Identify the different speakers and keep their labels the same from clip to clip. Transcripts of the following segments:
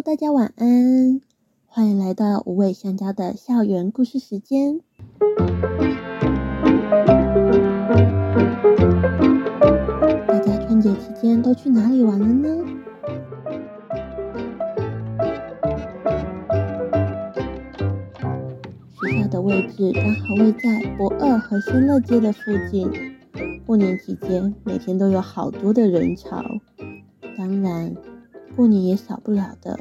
Speaker 1: 大家晚安，歡迎來到無尾香蕉的校園故事時間。大家春節期間都去哪裡玩了呢？學校的位置剛好位在博二和新樂街的附近，過年期間每天都有好多的人潮。當然。過年也少不了的，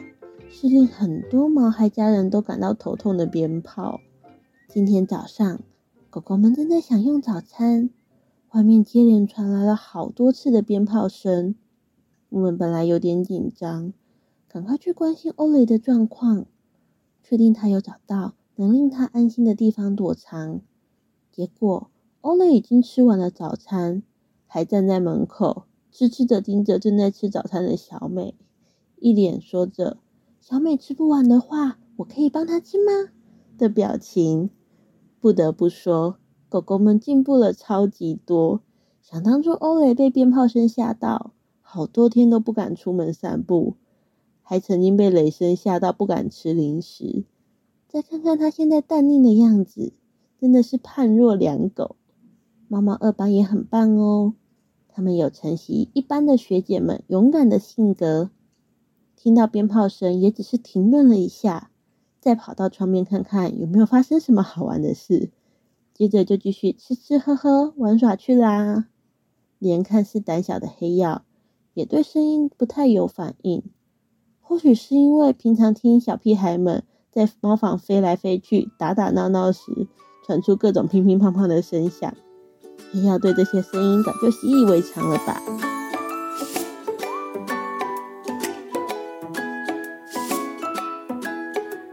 Speaker 1: 是令很多毛孩家人都感到頭痛的鞭炮。今天早上，狗狗們正在享用早餐，外面接連傳來了好多次的鞭炮聲。我們本來有點緊張，趕快去關心歐蕾的狀況，確定她有找到能令她安心的地方躲藏。結果，歐蕾已經吃完了早餐，還站在門口痴痴地盯着正在吃早餐的小美。一臉說着“小美吃不完的話，我可以幫她吃嗎？”的表情。不得不說，狗狗們進步了超級多。想當初，歐蕾被鞭炮聲嚇到，好多天都不敢出門散步，還曾經被雷聲嚇到不敢吃零食。再看看他現在淡定的樣子，真的是判若兩狗。貓貓二班也很棒哦，他們有承襲一班的學姐們勇敢的性格。聽到鞭炮聲，也只是停頓了一下，再跑到窗邊看看有沒有發生什麼好玩的事，接着就繼續吃吃喝喝玩耍去啦。連看似膽小的黑曜也對聲音不太有反應，或許是因為平常聽小屁孩們在貓房飛來飛去、打打鬧鬧時，傳出各種乒乒乓乓的聲響，黑曜對這些聲音早就習以為常了吧。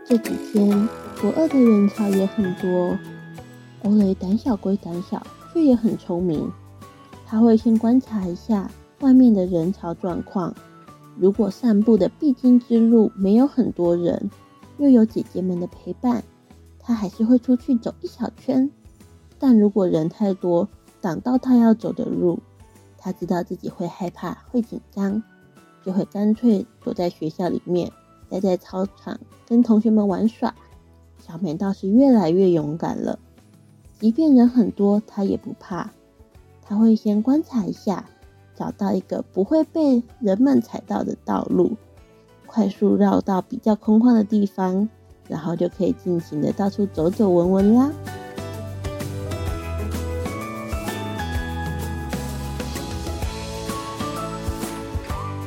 Speaker 1: 這幾天，國二的人潮也很多。歐蕾膽小歸膽小，卻也很聰明。他會先觀察一下外面的人潮狀況。如果散步的必經之路沒有很多人，又有姐姐們的陪伴，他還是會出去走一小圈。但如果人太多，擋到他要走的路，他知道自己會害怕、會緊張，就會乾脆躲在學校裡面。待在操場跟同學們玩耍。小美倒是越來越勇敢了。即便人很多，她也不怕。她會先觀察一下，找到一個不會被人們踩到的道路，快速繞到比較空曠的地方，然後就可以盡情的到處走走聞聞啦。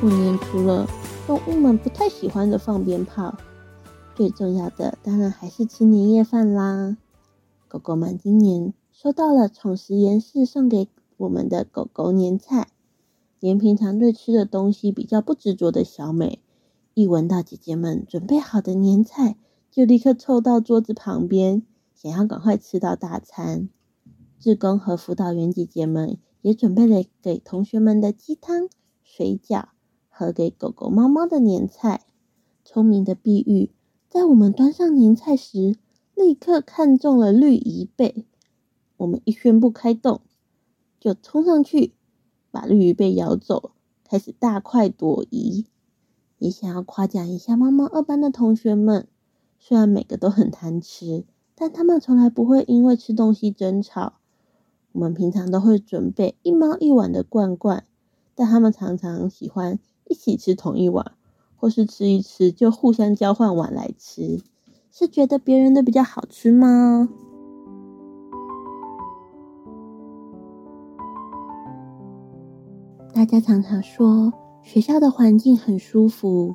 Speaker 1: 過年除了……動物們不太喜歡的放鞭炮，最重要的當然還是吃年夜飯啦。狗狗們今年收到了寵食顏氏送給我們的狗狗年菜，連平常對吃的東西比較不執着的小美，一聞到姐姐們準備好的年菜，就立刻湊到桌子旁邊，想要趕快吃到大餐。志工和輔導員姐姐們也準備了給同學們的雞湯、水餃。和給狗狗、貓貓的年菜，聰明的碧玉在我們端上年菜時，立刻看中了綠魚貝。我們一宣布開動，就衝上去把綠魚貝咬走，開始大快朵頤。也想要誇獎一下貓貓二班的同學們，雖然每個都很貪吃，但他們從來不會因為吃東西爭吵。我們平常都會準備一貓一碗的罐罐，但他們常常喜歡。一起吃同一碗，或是吃一吃就互相交換碗來吃，是覺得別人的比較好吃嗎？大家常常說學校的環境很舒服，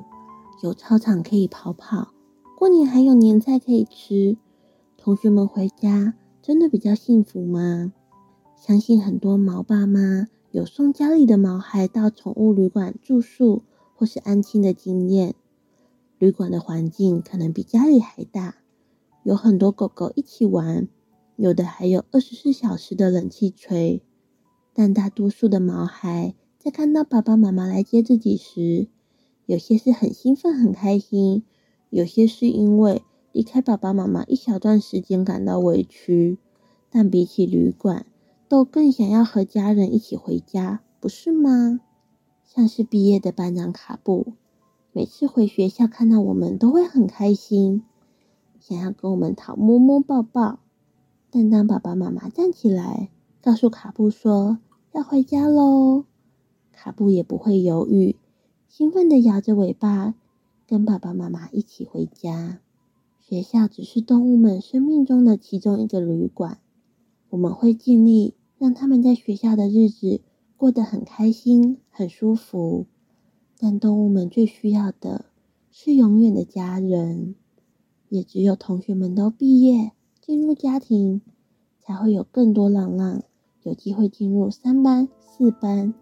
Speaker 1: 有操場可以跑跑，過年還有年菜可以吃，同學們回家真的比較幸福嗎？相信很多毛爸媽。有送家裡的毛孩到寵物旅館住宿，或是安親的經驗，旅館的環境可能比家裡還大，有很多狗狗一起玩，有的還有二十四小時的冷氣吹。但大多數的毛孩在看到爸爸媽媽來接自己時，有些是很興奮很開心，有些是因為離開爸爸媽媽一小段時間感到委屈。但比起旅館，都更想要和家人一起回家，不是嗎？像是畢業的班長卡布，每次回學校看到我們都會很開心，想要跟我們討摸摸抱抱。但當爸爸媽媽站起來告訴卡布說要回家嘍，卡布也不會猶豫，興奮地搖着尾巴跟爸爸媽媽一起回家。學校只是動物們生命中的其中一個旅館。我們會盡力讓他們在學校的日子過得很開心、很舒服，但動物們最需要的是永遠的家人。也只有同學們都畢業進入家庭，才會有更多浪浪有機會進入三班、四班，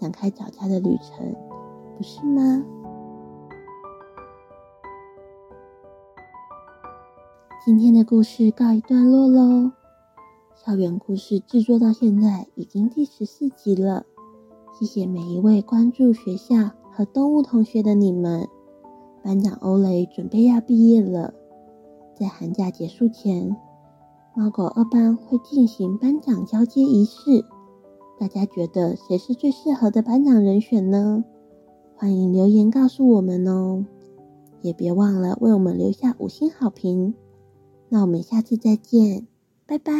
Speaker 1: 展開找家的旅程，不是嗎？今天的故事告一段落嘍。校園故事製作到現在已經第十四集了，謝謝每一位關注學校和動物同學的你們。班長歐蕾準備要畢業了，在寒假結束前，貓狗二班會進行班長交接儀式。大家覺得誰是最適合的班長人選呢？歡迎留言告訴我們哦，也別忘了為我們留下五星好評。那我們下次再見。拜拜。